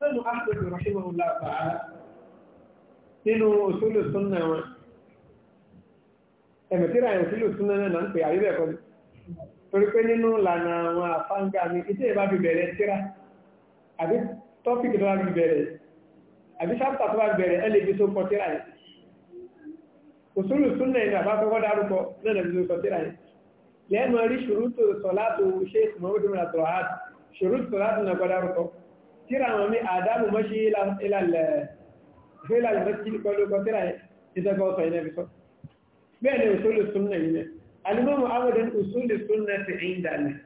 sẹ́nu ahmed rahimahullah ta'ala nínú òṣèlú súnmọ́ ẹ̀wọ̀n ẹ̀mẹ̀tíra òṣèlú súnmọ́ náà ń pè àríbẹ̀ kọ́ torí pé nínú lànà àwọn àfáǹgà mi iṣẹ́ ìbá fi bẹ̀rẹ̀ tíra àbí tọ́pìkì tó bá fi bẹ̀rẹ̀ àbí ṣápítà tó bá fi bẹ̀rẹ̀ ẹlẹ́ ibi tó kọ tíra yẹn òṣèlú súnmọ́ ẹ̀mẹ̀ àbá kọ́kọ́ dárúkọ náà nàbí tó kọ tíra yẹn lẹ́nu rí ṣòrútò sọ̀látò ṣe tíra àwọn mi àdámù mọ́ṣí ìlàlẹ̀ mọ́ṣí pẹ̀lúkọ tíra ìtẹ́kọ̀ ọ̀tọ̀ ilẹ̀ fi sọ bẹ́ẹ̀ ni òṣòlù súnnà ilẹ̀ alimọ́mù awọ́dẹ̀ òṣòlù súnnà ti ìdàlẹ̀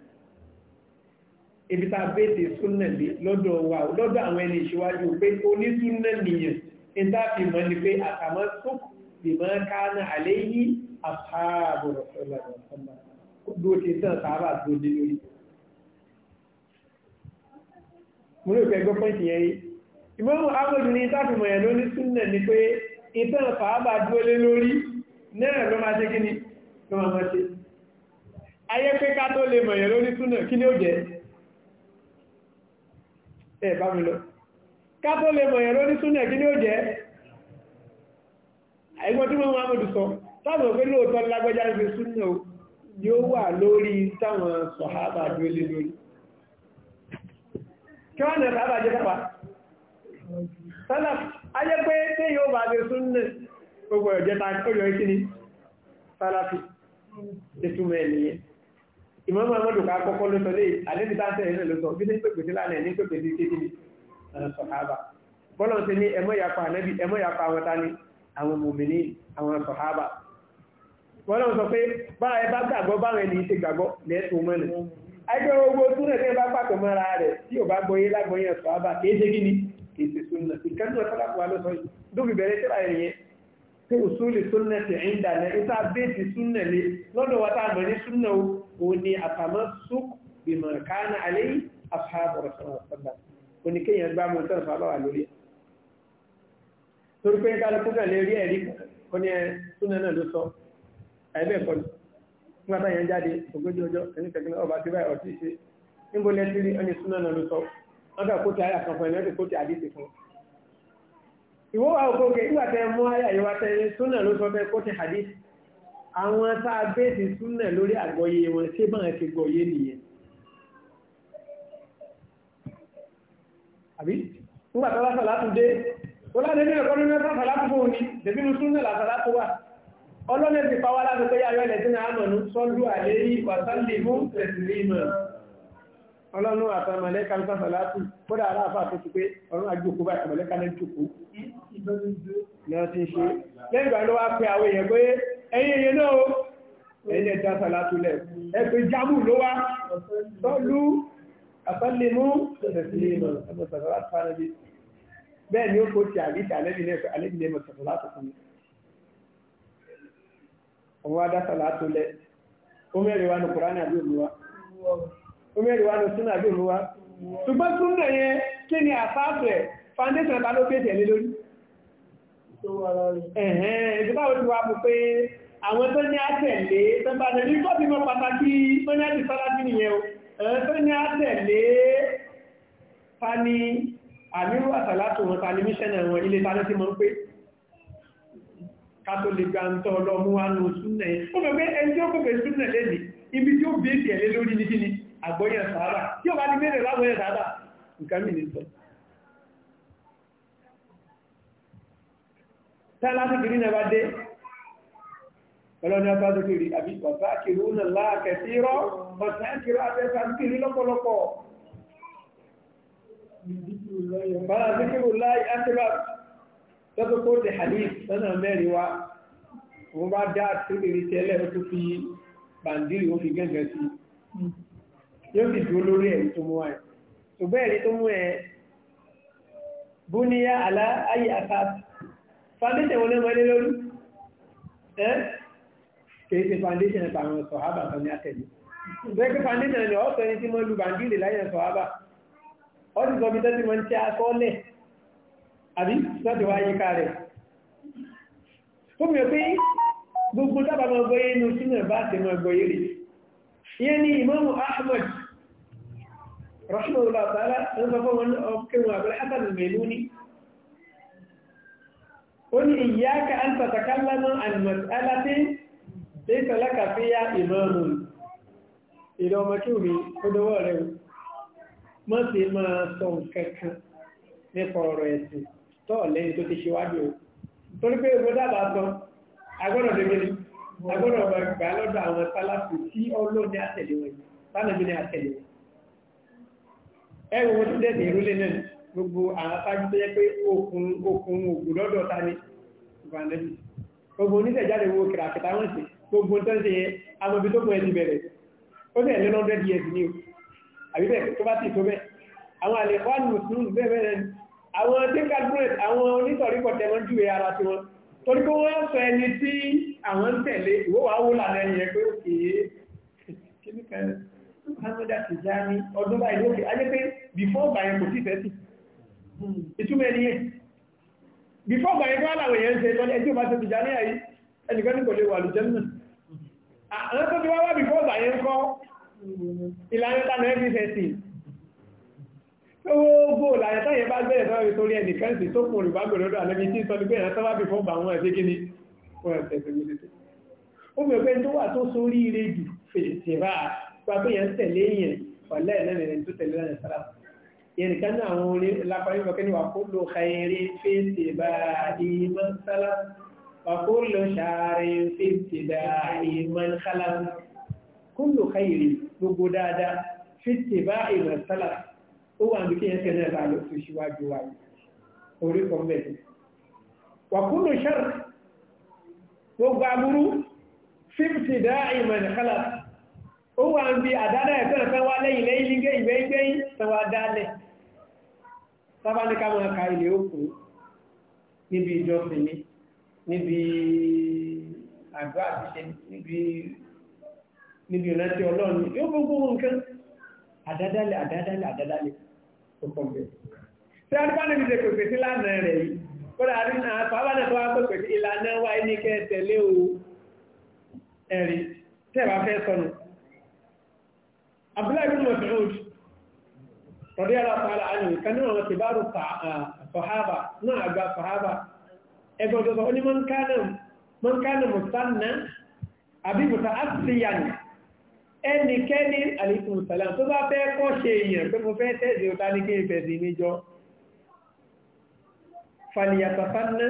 ibi ta bẹ́ẹ̀tì súnnà lé lọ́dọ̀ wa lọ́dọ̀ àwọn ẹni ìṣíwájú pé oní súnnà nìyẹn ìta fi mọ́ ni pé àtàmọ́ sók lè mọ́ mo lè fẹ́ gbọ́ pọ́ǹtì yẹn yìí ìmọ̀mù ahmed ní sáfìmọ̀ ni pé ìtàn fàábà dúró lé lórí náà ló máa ṣe kíni ló máa máa ṣe ayé pé ká tó lè mọ̀ yẹn súnnà kí ni ó jẹ́ ẹ bá mi lọ ká tó lè mọ̀ yẹn ló ní súnnà kí ni ó jẹ́ àìgbọ́n tí mọ̀mù ahmed sọ táwọn òfin lóòótọ́ lágbẹ́jáde súnnà yóò wà lórí táwọn sọ̀hábà dúró kí wọ́n nẹ̀rọ àbájẹ́ pàpà sálà ayẹ́ pé tí yóò bá bẹ sún nẹ̀ gbogbo ọ̀jẹ́ ta kọ́yọ̀ ikí ni sálàfì ìtumẹ̀ ènìyàn Imam Ahmadu ká kọ́kọ́ ló sọ lé àlébí tá sẹ́yìn náà ló sọ bí ní pèpè sí lánàá ní pèpè sí kéde ní sọ̀hábà bọ́lọ̀ tani àwọn mòmìnì àwọn sọ̀hábà bọ́lọ̀ sọ pé bára ẹ bá gbàgbọ́ báwọn ẹni ṣe gbàgbọ́ ẹgbẹ́ ogbó túnlẹ̀ tẹ́ bá pàtó mọ́ra rẹ̀ tí ò bá gbọ́yé lágbọ́yé ẹ̀sọ́ àbá kéèṣe gíní kéèṣe súnlẹ̀ ìkánú ọ̀sọ́lápùwà lọ́sọ́ yìí dóbi bẹ̀rẹ̀ tẹ́lá ẹ̀yẹ pé òṣùlẹ̀ súnlẹ̀ ti ń dànà ìta bẹ́ẹ̀tì súnlẹ̀ lé lọ́dọ̀ wa táà mọ̀ ní súnlẹ̀ o ní àtàmọ́ sók bìmọ̀ kánà alẹ́ àfáàbọ̀ ọ̀sán ọ̀sán nígbà táyà ń jáde ogójì ọjọ́ ẹni kẹ̀kẹ́ ọba ti báyìí ọtí ṣe níbo lẹ́tí rí ẹni súná náà ló sọ wọ́n kà kóòtù àyà kan fún ẹni wọ́n ti kóòtù àdìsí fún. ìwọ wa òkò òkè nígbà tẹ mú àyà ìwà tẹ súná ló sọ tẹ kóòtù àdìsí àwọn tá a bẹ́ẹ̀sì súná lórí àgbọ̀yé wọn ṣé máa ti gbọ̀yé nìyẹn. àbí nígbà tó lásà látúndé ó láti ní ẹ̀kọ́ nínú ẹ̀kọ́ ọlọ́lẹ̀ ti pàwà láti pé yàrá ilẹ̀ tí na àmọ̀nú sọ́lú àlérí wàtàlì mú tẹ̀sìlì mọ̀ ọlọ́run àtàmàlẹ́kà ń sáfà látù kódà aláàfà tó ti pé ọ̀run àjòkó bá àtàmàlẹ́kà ní jòkó náà ti ṣe lẹ́gbà ló wá pé àwọn èèyàn pé ẹ̀yìn èèyàn náà ẹ̀yìn ẹ̀dá sàlátù lẹ̀ ẹgbẹ́ jámù ló wá sọ́lú àtàlì mú tẹ̀sìlì mọ̀ ẹgbẹ́ sàlátù òun wá dá sàlátù lẹ̀ ó mẹ́rin wá ní kùránì àbí òmùwá ó mẹ́rin wá ní súnà àbí òmùwá ṣùgbọ́n súnà yẹn kí ni àfáàfẹ́ foundation ta ló pèsè lé lórí ẹ̀hẹ́n ìdíbà ti wá bù pé àwọn tó ní àtẹ̀lé tó bá lè ní kọ́bí mọ́ pàtàkì tó ní àti sàlátù nìyẹn o ẹ̀hẹ́n tó ní àtẹ̀lé ni àmírù àsàlátù wọn ta ni míṣẹ́nà wọn ilé ta ló ti kátó lè gba ń tọ́ ọlọ́mú wá nù súnà yìí ó mẹ́gbẹ́ ẹni tí ó kò fẹ́ súnà lẹ́nìí ibi tí ó bèèdì ẹ̀lẹ́ lórí ní kíni àgbọ́yẹ̀ sàárà tí ó bá ní mẹ́rẹ̀ lágbọ́yẹ̀ sàárà nǹkan mì ní sọ tálásìkiri náà bá dé ọlọ́ni ọba zikiri àbí ọ̀sá kiri ó nà láàkẹ́ sí rọ́ ọ̀sá kiri abẹ́sà kiri lọ́pọ̀lọpọ̀ Bára zikiri láì átìbá tọ́tọ́ kó tẹ hadith lọ́nà mẹ́rin wa wọ́n bá dá àtúndìrí tẹ́lẹ̀ ó tún fi bàǹdìrì ó fi gẹ́gẹ́ sí yóò fi dúró lórí ẹ̀rí tó mú ẹ̀ ṣùgbọ́n ẹ̀rí tó mú ẹ̀ búníyà àlá ayé àká foundation wọn lẹ́mọ́ ilé lórí ẹ́ kìí ṣe foundation ẹ̀ta àwọn sọ̀hábà kan ní àtẹ̀lé bẹ́ẹ̀ pé foundation ẹ̀ ọ̀sọ̀ ẹni tí mo lu bàǹdìrì láyé sọ̀hábà ọ́ ti sọ àbí láti wáyé ká rẹ̀ ó mi pé gbogbo dábà mọ́ gbọ́yé inú sínú ẹ̀bá àti mọ́ gbọ́yé rẹ̀ ìyẹn ni Imamu Ahmad rahimahullah ta'ala ń sọ fún ọkùnrin àbúrẹ́ Hasan al-Maimuni ó ní iyyaka an tatakallama an mas'alatin laysa máa sọ nǹkan nípa ọ̀rọ̀ ẹ̀sìn tọ́ lẹ́yìn tó ti ṣíwájú o torí pé ìwé dábàá sọ agbọ́dọ̀ lébele agbọ́dọ̀ gbà lọ́dọ̀ àwọn sálásù tí ọlọ́ni àtẹ̀lé wọn sálẹ̀mí ni àtẹ̀lé wọn ẹwọ wọn tó dẹ̀dẹ̀ ìrúlé náà gbogbo àwọn sáájú tó yẹ pé okùn okùn ògùn lọ́dọ̀ ta ni ìbànẹ́bí gbogbo oníṣẹ̀jáde wo kìràkìtà wọn sí gbogbo tó ń ṣe amọ̀bí tó pọ̀ ẹ̀ ti bẹ̀rẹ̀ ó bẹ̀rẹ̀ lé 100 years ni o àbí bẹ́ẹ̀ tó bá sì tó bẹ́ẹ̀ àwọn àlẹ́kọ́ àlùmọ̀sùn bẹ́ẹ̀ bẹ́ẹ̀ àwọn tinkerbrand àwọn onítọ̀rípọ̀ tẹ̀wọ́n ju ẹ̀ ara tiwọn torí pé wọ́n sọ ẹni tí àwọn ń tẹ̀lé ìwọ́ wà wó lànà ẹ̀yẹ pé òkèé kíníkà hamada ti já ní ọdún báyìí lókè ayé pé before bàyẹ̀ kò sí ìfẹ́sì ìtumẹ̀ ni yẹn before bàyẹ̀ kọ́ àlàwẹ̀ yẹn ń ṣe tọ́lẹ̀ ẹjọ́ bá ti ti já ní ayé ẹnìkan ní kò lè wà lùjẹ́ náà before bàyẹ̀ ń kọ́ ìlànà tánà ẹ̀fíṣẹ́sì láyé táyẹ bá bẹ̀rẹ̀ sọ́rọ̀ ìtorí ẹnìkan sí tó kùn rìbá bẹ̀rẹ̀ lọ́dọ̀ àlẹ́bí tí sọ ní pé ẹ̀sán wábí fún bàwọn ẹ̀sẹ́ kí ni wọ́n ẹ̀sẹ̀ tó gbé tó ó mẹ́ pé tó wà tó sórí ire jù fèsì bá gba pé yẹn tẹ̀lé yẹn ọ̀lẹ́ ẹ̀nẹ́rẹ̀ tó tẹ̀lé lẹ́yìn sára yẹn nìkan ní àwọn orin lápáyé mọ́kẹ́ ni wà kó lo xayẹrí fèsì bá ìmọ̀ sálá wà kó lo sàárẹ̀ fèsì bá ìmọ̀ sálá kó lo ó wà ní kéèyàn tẹ̀lé ẹ̀ta lọ sí síwájú wa orí kan bẹ̀rẹ̀ wàkúrò ṣẹ́rù gbogbo aburú fífìtì dá ìmọ̀ ìkálà ó wà ń bi àdádá ẹ̀fẹ́ ẹ̀fẹ́ wá lẹ́yìn lẹ́yìn ní gbẹ́gbẹ́yìn tẹwà dálẹ̀ sábà ní ká máa ka ilé òkú níbi ìjọsìn ní níbi àdó àtiṣe níbi níbi ìrántí ọlọ́run yóò gbogbo nǹkan àdádálẹ̀ àdádálẹ̀ àdádálẹ̀ tó pọ̀ bẹ́ẹ̀. tí wọ́n bá níbi ṣe pèpè sí lánà rẹ̀ yìí kódà rí náà sábà náà tó wá pèpè sí ìlànà wa ní kẹ́ tẹ̀lé o ẹ̀rí tẹ́ ẹ̀ bá fẹ́ sọnù. abdullahi bin Mas'ud rọ̀dí aláfààlà àná ìkan náà wọn ti bá rú sàhábà náà àgbà sàhábà ẹgbẹ́ ọjọ́ sọ ó ẹnikẹ́ni àlékún sàlám tó bá fẹ́ kọ́ ṣe èèyàn pé mo fẹ́ tẹ́sì ọ̀tá ní kí ìfẹ̀sì níjọ́ fàníyàtàfánà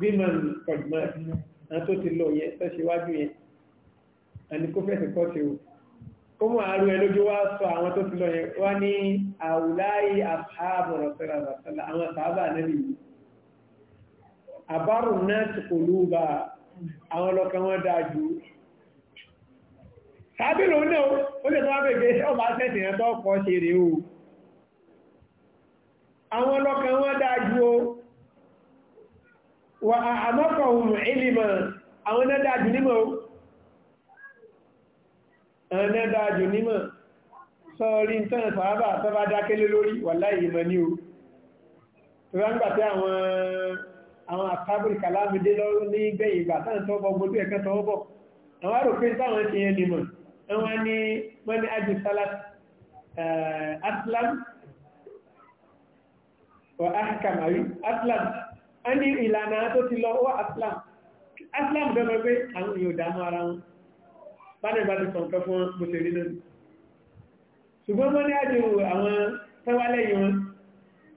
bímọ̀ pọ̀jùmọ̀ àti tó ti lọ yẹn tó ṣe wájú yẹn àní kó fẹ́sì kọ́ o ó mú àárú ẹ lójú wá sọ àwọn tó ti lọ yẹn wá ní àwùláyé àbábọ̀rọ̀ sọ́ra àbàtàlà àwọn sàábà náà àbárùn náà ti wọn dáa jù tàbí lòun o ó lè tọ́wọ́ bèbè ọba tẹ́sì ẹ̀ tọ́ pọ̀ ṣe o àwọn ọlọ́kan wọ́n dájú o wà àmọ́kọ̀ ohun ìlìmọ̀ àwọn nímọ̀ o àwọn náà nímọ̀ sọ́ọ̀rí tán sàábà tọ́bá dákélé lórí wà láì ìmọ̀ o tó bá pé àwọn igba ẹ̀kẹ́ tọ́wọ́ wọ́n ní aji salat eh, aslam wọ́n ahkam àrí aslam a ní ìlànà ti lọ wọ́n aslam aslam ara wọn bánà ìbá ti sọ̀nkẹ́ fún bóṣe rí lónìí ṣùgbọ́n wọn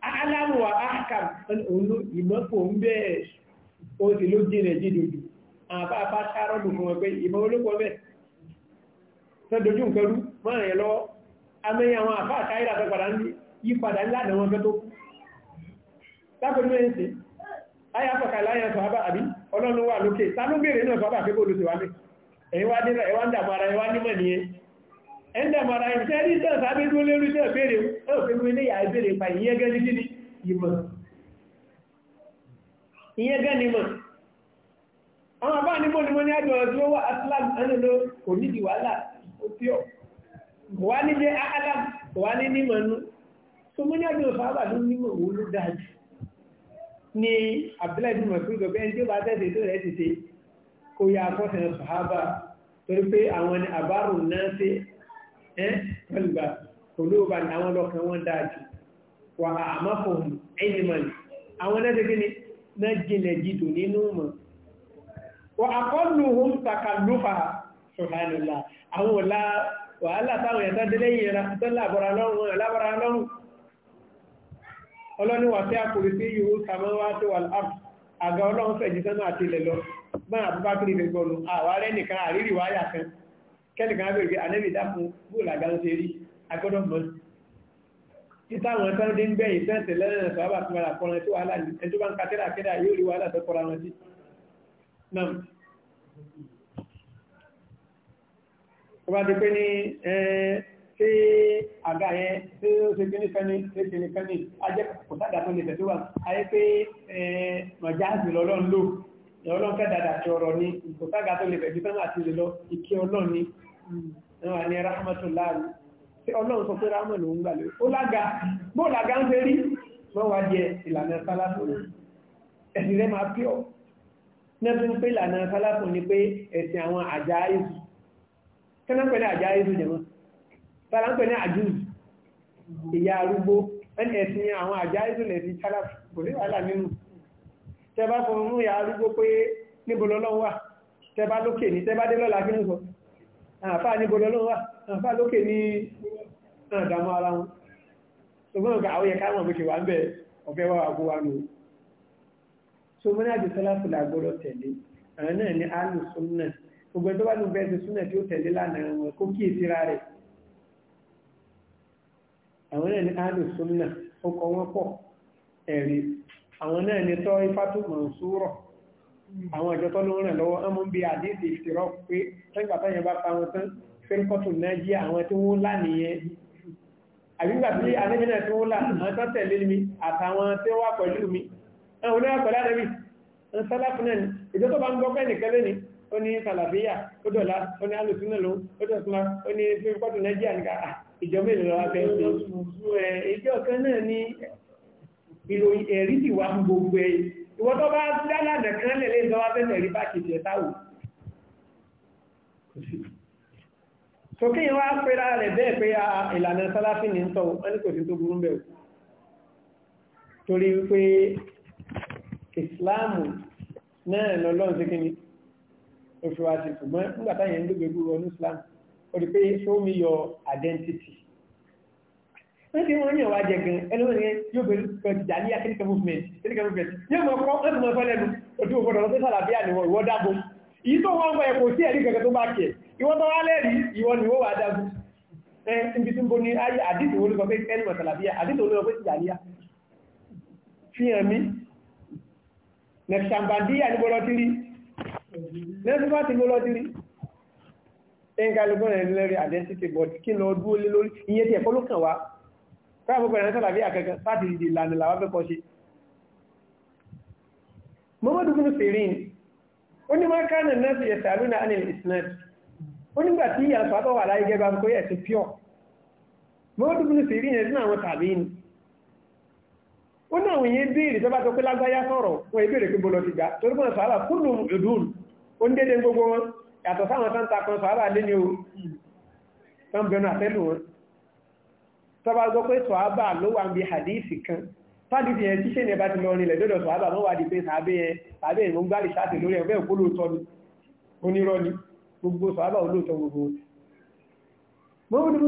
aláwọ̀ wà ahkam òun ìmọ́pò ń bẹ́ẹ̀ ó sì ló jìnà jìdòdò àwọn apá apá tẹ́dojú nǹkan rú mọ́rin yẹn lọ́wọ́ amẹ́yìn àwọn àfáà táyìlà tó padà ń bí yí padà ńláàdà wọn fẹ́ tó kú lápẹ̀lú ẹ̀ ń ṣe ayé afọ̀kà láyẹn sọ àbá àbí ọlọ́run wà lókè ta ló béèrè náà sọ àbá àfẹ́kọ́ olóṣèlú wa mi ẹ̀yin wá dé ẹ̀wá ń dàmọ́ ara ẹ̀wá nímọ̀ nìyẹn ẹ̀ ń dàmọ́ ara ẹ̀ ṣe rí tẹ̀ sábẹ́ dúró ní ìyá ní kíni ìmọ̀ ìyẹn gẹ́ ni mọ̀ àwọn àbá nímọ̀ ni mo ní àjọ ọ̀dọ́ wà á òtí ọ̀ kò wá ní jẹ́ adam kò wá ní nímọ̀ nú tó mú ní ọdún sábà ló nímọ̀ owó ló dáa jù ní abdullahi bin masu gbogbo ẹni tí ó bá tẹ̀sẹ̀ tó rẹ̀ ti ṣe kó yá akọ́sẹ̀ sàhábà torí pé àwọn ni àbárò náà ṣe ẹ́ pẹ̀lúgbà olóòbá ni àwọn lọ́kàn wọn dáa jù wà àmọ́fọ̀hùn ẹ̀yìnmọ̀n àwọn lẹ́sẹ̀ kí ni náà jìnlẹ̀ jìdò nínú mọ̀ wà àkọ́lù ohun takalúfà àwọn ọ̀la wàhálà táwọn ẹ̀ta délé ìyẹra tó lábọ̀ra lọ́rùn lábọ̀ra lọ́rùn ọlọ́niwà tí a kò rí sí ìhú sàmọ́wá tó wà láàpù àga ọlọ́run fẹ̀jì sánà àti ilẹ̀ lọ máa àbúbá kiri gbẹ̀gbọ́nu àwárẹ́ nìkan àrírí wáyà kan kẹ́nìkan bèèrè anẹ́bì dákun bóòlù àga ń ṣe rí agbọ́dọ̀ mọ́ ìtàwọn tán dé ń gbẹ̀yìn sẹ́ǹsì lẹ́rìn sọ́ábà tó wà lákọrin tó wàhálà ẹjọ́ bá ń katẹ́rà kẹ́dà yóò tó bá di pé ní ṣé àga yẹn ṣé ó ṣe kíní kan ní ṣé kíní kan ní ajẹ́ kò sádà tó lè tẹ̀sí wà ayé pé mọ̀jáàsì lọ́lọ́run lò lọ́lọ́run fẹ́ dàdà tí ọ̀rọ̀ ni kò sádà tó lè tẹ̀sí tán àti lè lọ ìkí ọlọ́run ni wọ́n ní rahmatulahi tí ọlọ́run sọ pé rahman ló ń gbà lé ó lága bó lága ń fẹ́ wọ́n wá jẹ ìlànà sálásù ẹ̀sìn rẹ̀ máa pí ọ̀ nẹ́bí pé ìlànà sálásù ni pé ẹ̀sìn àwọn àjà ìsù kẹ́nà pẹ̀lú àjá ìlú jẹ̀mọ́ tààrà ń pẹ̀lú àjúz ìyá arúgbó ẹ̀sìn àwọn àjá ìlú lẹ̀sí tààrà kò sí wàhálà nínú tẹ́bá fún mú ìyá arúgbó pé níbo lọ́lọ́wọ́ wà tẹ́bá lókè ní tẹ́bá dé lọ́la kí ní sọ àfáà níbo lọ́lọ́wọ́ wà àfáà lókè ní àdàmú ara wọn ṣùgbọ́n ọ̀gá àwọn yẹ̀ká wọn bókè wà ń bẹ ọ̀fẹ́ wà wà wà nù so mọ́nà àjùsọ́lá gbogbo ẹjọ́ bá ní bẹ́ẹ̀ sísúnà tí ó tẹ̀lé lánàá wọn kó kí ìsira rẹ̀ àwọn náà ní áàdù súnà ó kọ wọn pọ̀ ẹ̀rí àwọn náà ní tọ́ ifátù mọ̀nsúrọ̀ àwọn ìjọ tó ló ń ràn lọ́wọ́ ọmọ ń bi àdéhìí ìfìrọ́ pé tẹ́gbà táyẹn bá pa wọn tán fẹ́rẹ́kọ́tù náà jí àwọn tí wọ́n lá nìyẹn àbígbà tí àdéhìí tí wọ́n lá àwọn tó tẹ̀lé mi àtàwọn tí wọ́n wà pẹ̀lú mi àwọn oníwà pẹ̀lú àdébì ń sọ́lá fún náà ìjọ tó bá ń gbọ́ pẹ́ nìkan lónìí oni ní sàlàfíà oni dọ̀lá ó ní oni ló ó dọ̀túnlá ó ní fífọ́tù nàìjíríà nígbà ah, ìjọba ìlú lọ́wọ́ fẹ́ ṣe ìjọ kan náà ní ìròyìn ẹ̀rí ti wá fún gbogbo ẹ̀ ìwọ́n tó bá dálàdà kan lẹ̀lẹ́ lọ́wọ́ fẹ́ tẹ̀rí bá kìí ṣẹ̀tà wò sókè yẹn wá pera rẹ̀ bẹ́ẹ̀ pé ìlànà sàlàfí ní ń tọ́ wọn kò sí tó burú bẹ́ẹ̀ torí wípé ìsìláàmù náà lọ́lọ́run sí kíni oṣù wa ṣe ṣùgbọ́n nígbà táyẹn ń gbégbé gbúrò ní Islam ó rí pé show me your identity wọ́n ti wọ́n ní ọ̀wá jẹ gan ẹlọ́rin yẹn yóò bẹ̀rẹ̀ pẹ̀lújà ní akẹ́kẹ́ movement akẹ́kẹ́ movement yóò mọ̀ kọ́ láti mọ̀ fẹ́lẹ́nu ojú ògbọ́dọ̀ lọ́sẹ̀ sàlàbíà ni wọ́n ìwọ́ dábò èyí tó wọ́n wọ ẹ̀kọ́ sí ẹ̀rí gẹ̀gẹ̀ tó bá kẹ̀ ìwọ́n tó wá lẹ́rí ìwọ́ ni wọ́n wà dábò ẹ níbi tí ń bo ní ayé àdìsí wo ló sọ pé ẹni mọ̀ sàlàbíà àdìsí wo ló sọ pé tìjàníyà fi hàn mí nẹ̀fṣàmbàndíyà ní bọ́lọ́ tí rí nẹ́tíwáàtì ló lọ́dírí ẹnkàlùgbọ́n rẹ̀ lẹ́rí àdẹ́sítì bọ̀dì kí lọ dúó lé lórí iye tí ẹ̀kọ́ ló kàn wá káàkùn pẹ̀lú sàlàbí àkẹ́kẹ́ láti ìdí ìlànà làwá fẹ́ kọ́ sí mọ́mọ́dún fún fèrèn ó ní máa kánà náà ti ẹ̀sẹ̀ àlúnà anil isnad ó nígbà tí ìyà sọ́tọ̀ wà láyé gẹ́gbà kó yẹ̀ sí pure mọ́mọ́dún fún fèrèn ẹ̀ sínú àwọn tàbí ni ó ní àwọn èèyàn béèrè tó bá tó pé lágbáyá sọ̀rọ̀ wọn ìbéèrè pé bọ́lọ́ ti gbà torí mọ́ sàálà kúrò ìdúrù ó ń dédé gbogbo wọn yàtọ̀ sáwọn tán takọ̀ sọ́ábà lé ní o tán bẹnu àtẹ́lù wọn tọ́bá gbọ́ pé sọ́ábà ló wà ń bí hadisi kan fádìsì yẹn tíṣẹ́ ní ẹbá ti lọ rìnlẹ̀ lọ́dọ̀ sọ́ábà mọ́ wà di pé sàábẹ́ yẹn sàábẹ́ ìmọ̀ gbáàlì sáàtì lórí ẹgbẹ́ òkúlò tọ́ ni onírọ́ ni gbogbo sọ́ábà olóòtọ́ gbogbo mọ́bùdú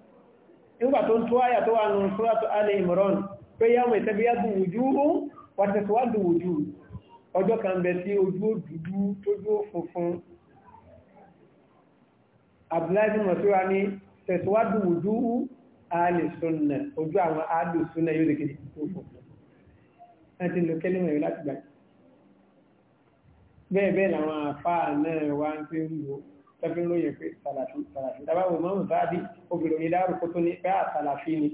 nígbà tó ń tó àyà tó wà nù suratu Ali Imran pé yàmù ìtẹ́bíyàdù wujuhu wa taswaddu wujuh ọjọ́ kan bẹ̀ sí ojú dúdú tójú funfun abdullahi mọ̀síwá ní taswaddu wujuhu Ali Sunna ojú àwọn Ali Sunna yóò dìkìdì fún tẹ́fí lóye pé sàlàfí sàlàfí tàbáwò mọ́rùn sáàbí obìnrin ìdárò kó tó ní pé àsàlàfí ah, ni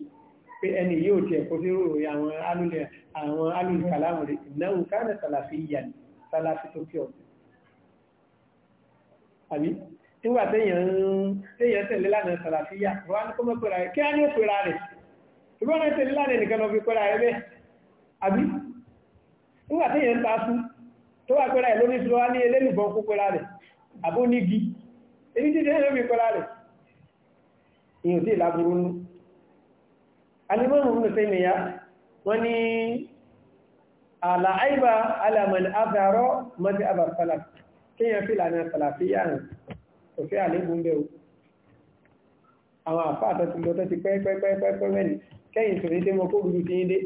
pé ẹni yóò tiẹ̀ kó sí rúurú àwọn alùlẹ̀ àwọn alùlẹ̀ kàlámù rẹ̀ ìnáwó káàdà sàlàfí yà ní sàlàfí tó kí ọ. àbí nígbà téèyàn tẹ̀lé lánà sàlàfí yà wà ní kó mọ́ pẹ̀lá rẹ̀ kí á ní ó pẹ̀lá rẹ̀ ṣùgbọ́n náà tẹ̀lé lánà nìkan lọ fi pẹ̀lá rẹ̀ bẹ́ẹ̀ àbí nígbà èyí tí ìdíyẹ́ mi kọ́lá rẹ̀ ìyàn tí ìlàbúrú nú alimọ́mù ní sẹ́mìyà wọ́n ní àlàáìbà alaman abẹ́rọ mọ́sí abàfàlà kíyàn fi lànà sàlàfíyà rẹ̀ kò fẹ́ àlébùn bẹ́ẹ̀ àwọn àfáà tó ti lọ́tọ́ ti pẹ́ẹ́pẹ́ẹ́pẹ́ẹ́pẹ́ mẹ́rin kẹ́yìn tó ní tí mo kó gbogbo ti ń dé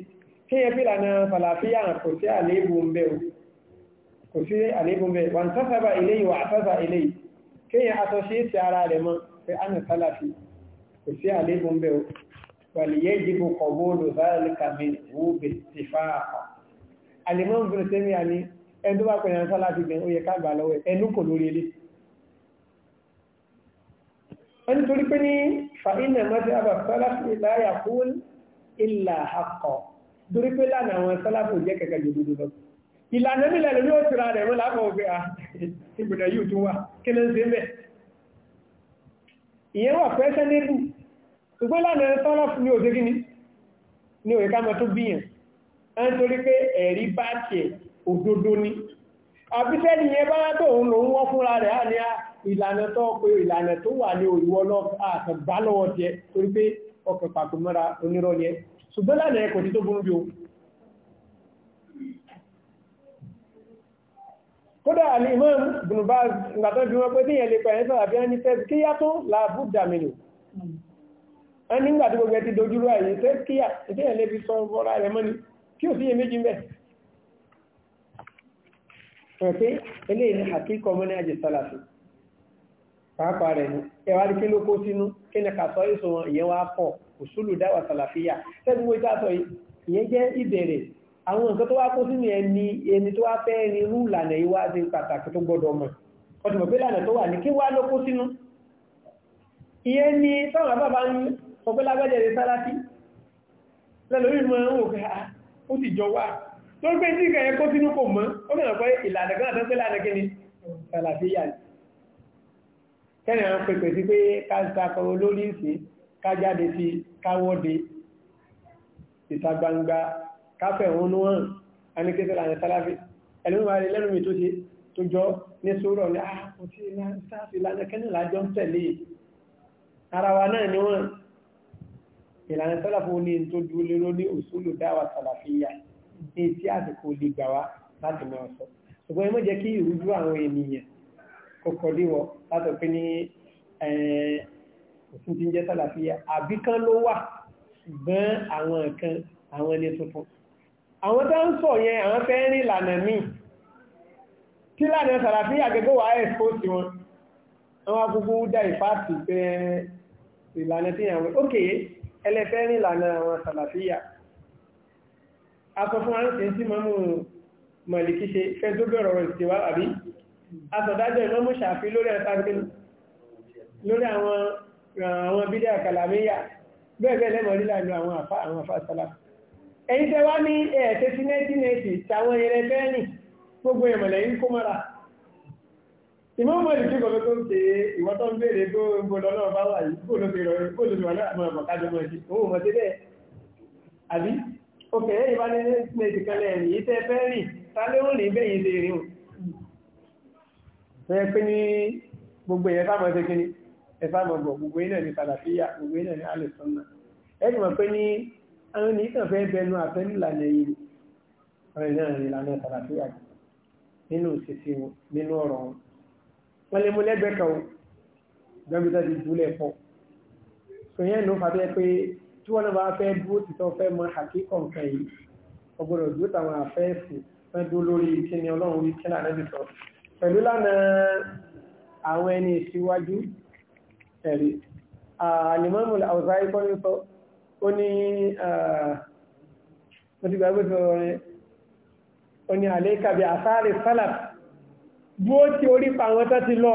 kíyàn fi lànà sàlàfíyà rẹ̀ kò sí àlébùn bẹ́ẹ̀ kò sí àlébùn bẹ́ẹ̀ wọ́n tọ́sàbà ilé ìwà àtọ́sà ilé yìí kéèyàn aṣọ sí ti ara rẹ̀ mọ́ pé a nà sálàfí kò sí àlébùn bẹ́ o wàlìyé ìdìbò kọ̀bó olùsáàlìkàmí wúbe ti fa àkọ́ àlèmọ́ ń bẹ̀rẹ̀ sẹ́mi àní ẹni tó bá pè yàn sálàfí gan ó yẹ ká gbà lọ́wọ́ ìlànà nílẹ̀ lórí ó tìra rẹ̀ rọ́lá mọ̀ ògbé ìgbìdà ah, yìí tó wà kí ló ń ṣe mẹ́ ìyẹn wà pẹ́ẹ́sẹ́ nébù ṣùgbọ́n lánà sọ́lọ́fù ní òṣè gíní ní òye káàmọ́ tó bíyàn a torí pé ẹ̀rí bá ni àbíṣẹ́ ni yẹn bá tó òun lòun wọ́n fúnra rẹ̀ á ní ah, ìlànà tó pé ìlànà tó wà ní òyìnbó lọ́wọ́ tiẹ̀ torí pé ọkọ̀ pàtó kódà alimam bunubaz ìgbàtọ́ bí wọ́n pé tí yẹn lè pẹ̀lú sọ́rọ̀ àbí ẹni tẹ́ kíyà tó láàbù dàmìnì ẹni nígbà tí gbogbo ẹ ti dojú rẹ̀ yìí tẹ́ kíyà tí yẹn lè fi sọ bọ́ra rẹ̀ mọ́ni kí ò sí yẹ méjì mẹ́ pẹ̀pẹ́ eléyìí ní àkíkọ́ mọ́ ní àjẹ sálàfì pàápàá àwọn nǹkan tó wá kó sínú ẹni ẹni tó wá fẹ́ rin irú ìlànà yìí wá sí pàtàkì tó gbọdọ̀ mọ̀ ọdún pé ìlànà tó wà ní kí wá ló kó sínú ìyẹn ni táwọn bàbá ń sọ pé lágbẹ́jẹ̀ rẹ̀ sáláfí lẹ́lórí mọ́ ohun ah, òkè ó sì jọ wà tó gbé tí ìkẹyẹ kó ni sáláfí yà ní kẹ́rin àwọn pèpè sí pé káàkọ olórí ìsìn kájáde sí ìta gbangba káfẹ̀ wọn wọn anikẹ́tẹ̀ láti sáláfì ẹlẹ́mìí lẹ́nu mi tó ti tó jọ ní sórọ̀ ah, ní àwọn tí sáàfì lánà kẹ́nìlá jọ ń tẹ̀lé ara wa náà ni wọ́n ìlànà sáláfì ní tó dúró lérò ní òṣùlù dáwà sàlàfíyà ní tí àsìkò lè gbà wá láti mọ ọ̀sọ̀ ṣùgbọ́n ẹ jẹ́ kí ìrújú àwọn ènìyàn kọkọ̀ díwọ̀ láti pé ní òfin ti ń jẹ́ sàlàfíyà àbíkán ló wà ṣùgbọ́n àwọn kan àwọn ẹni tuntun àwọn tó ń sọ yẹn àwọn fẹ́ rìn lànà míì tí lànà sàràfí àgẹ́gẹ́ wà ẹ̀fọ́ sí wọn àwọn agogo dá ìfáàtì pé ìlànà tí àwọn òkè ẹlẹ́fẹ́ rìn lànà àwọn sàràfíyà aṣọ fún àǹtí sí mọ́mú mọ̀lìkí ṣe fẹ́ tó bẹ̀rọ̀ rẹ̀ sí wá àbí aṣọ̀dájọ́ iná mú ṣàfi lórí àwọn bídẹ́ àkàlàmíyà bẹ́ẹ̀ bẹ́ẹ̀ lẹ́mọ̀ lílànà àwọn àfà sàràfí ẹ̀yin tẹ́ wá ní ẹ̀ẹ́sẹ̀ sí 1980 tàwọn eré bẹ́ẹ̀nì gbogbo ìmọ̀lẹ̀ yìí kó mọ́ra ìmọ̀mọ̀lì tí kò tó ń ṣe ìwọ́tọ́ ń béèrè gbogbo lọ́nà bá wà yìí kó ló fi rọrùn kó ló fi wà láàmú àbọ̀kájọ mọ́ sí owó mọ́ sí bẹ́ẹ̀ àbí òkè ẹ̀yìn bá ní 1980 kan lẹ́yìn yìí tẹ́ fẹ́ rìn ta ló ń rìn bẹ́yìn ṣe rìn fẹ́ pé ní gbogbo ìyẹn sáà mọ́ ṣe kíní ẹ sáà mọ́ gbọ̀ gbogbo iná ní sàlàfíà gbogbo iná ní alẹ́ sọ́nà ẹ̀ àwọn oníkàn fẹ́ bẹnu àfẹ́ nílànà yìí ọ̀rẹ́ náà ní ìlànà tàlàfíà nínú òṣìṣẹ́ wọn nínú ọ̀rọ̀ wọn wọ́n lè mú lẹ́gbẹ̀ẹ́ kan gbẹ́mítà ti jùlẹ̀ pọ̀ sòyẹ́ ló fà bẹ́ẹ̀ pé tí wọ́n náà bá fẹ́ bú títọ́ fẹ́ mọ àkíkọ̀ nǹkan yìí ọgbọ́dọ̀ dúró táwọn àfẹ́ẹ̀sì fẹ́ dúró lórí kíni ọlọ́run wí kíni ànábì sọ pẹ̀lú lánàá oni, ní mo ti gbàgbé sọ̀rọ̀ oni ó ní àlékà bí àsáre sálàf bó ti orí pa àwọn tó ti lọ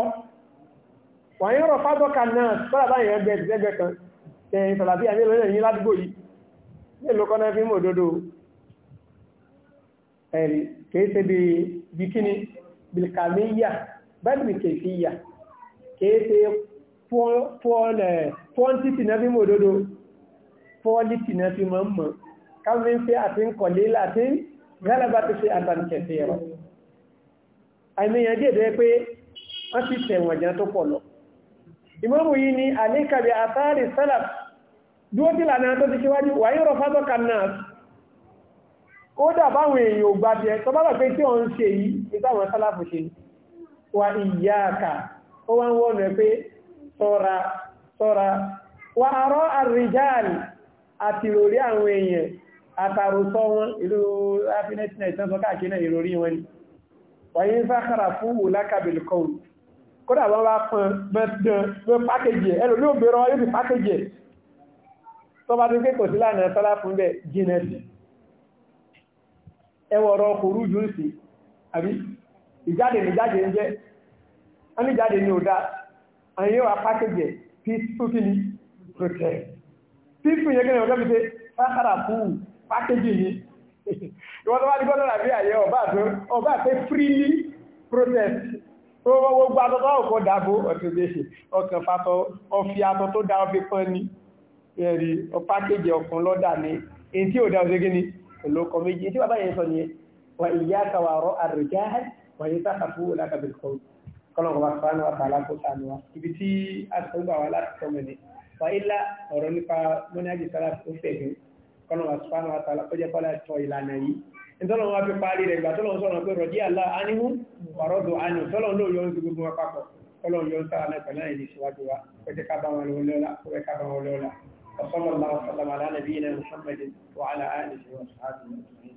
wà ní ọ̀rọ̀ fábọ́kà náà sọ́rọ̀ báyìí ẹgbẹ́ ẹgbẹ́ kan ẹ̀yìn sọ̀làbí àmì ìlọ́nà yìí ládùúgbò yìí mélòó kọ́nà fi mọ̀ òdodo ẹ̀rí kìí ṣe bí bikini bilkamiya bẹ́ẹ̀ni kìí ṣe yà kìí ṣe pọ́ọ̀lẹ̀ pọ́ọ̀ntìtì náà fi mọ̀ òdodo quality na fi máa ń mọ̀ káwọn fi ń fi àti ń kọ̀lé láti gálàbà ti ṣe àtàkẹ̀fẹ̀ rọ̀ àìmìyàn díẹ̀ pé wọ́n ti tẹ̀wọ̀n tó pọ̀ lọ ìmọ̀mù yìí ni àlékàbẹ̀ àtàrí sálàf dúó tí lànà tó ti kíwájú wáyé rọ fátọ́ kanáà ó dàbá àwọn èèyàn ògbà jẹ tó bá pẹ́ tí wọ́n ń ṣe yìí ìtàwọn sálàfù ṣe wà ìyáàkà àti ìròrí àwọn èèyàn àtàrùsọ wọn ìlú afinetines náà sọ káàkiri náà ìròrí wọn ni wàyí ń sákàrà fún wò lákàbìlì kọrù kódà wọ́n bá pọn mẹ́tàn pé pákéjì ẹ̀lò ní òbèrọ yóò fi pákéjì ẹ̀ tó bá ti kékò sí lánàá tọ́lá fún àbí ìjáde ní jáde ń jẹ́ wọ́n ní jáde ní ò dá àyíwá pákéjì peaceful protest tí ń pìyẹ kẹ́lẹ̀ ọ̀gá mi pé sákàrà fún pákéjì yìí ìwọ́n tó wá ní gbọ́dọ̀ àbí àyẹ ọba àti freely protest tó wọ́wọ́ gbá tọ́tọ́ ọ̀pọ̀ dàbò ọ̀tọ̀dẹ̀ṣẹ̀ ọkàn fatọ ọfi atọ tó dá ọfi pọ́n ní ẹ̀rí pákéjì ọkùn lọ́dà ní èyí tí ò dá ọ̀sẹ̀ gíní olókọ méjì tí bàbá yẹn sọ ní wà ìyá kàwàrọ̀ àrùjá wà yí sákàfú lákàbẹ̀kọ́ kọ́lọ̀ fàyílà ọ̀rọ̀ nípa mọ́nájì sára tó fẹ̀ jù kọ́nà wà sùpánà wà tààlà kọjá pálá tọ ìlànà yìí ìtọ́lọ̀ wọn fi parí rẹ̀ gbà tọ́lọ̀ sọ̀rọ̀ pé rọ̀dí àlá ánìmú wàrọ́dù ánì tọ́lọ̀ ló yọ sí gbogbo wọn papọ̀ tọ́lọ̀ yọ sára náà pẹ̀lú àìní síwájú wa kọjá kábà wọn lọ́la kọjá kábà wọn lọ́la وصلى الله وسلم على نبينا محمد وعلى اله وصحبه اجمعين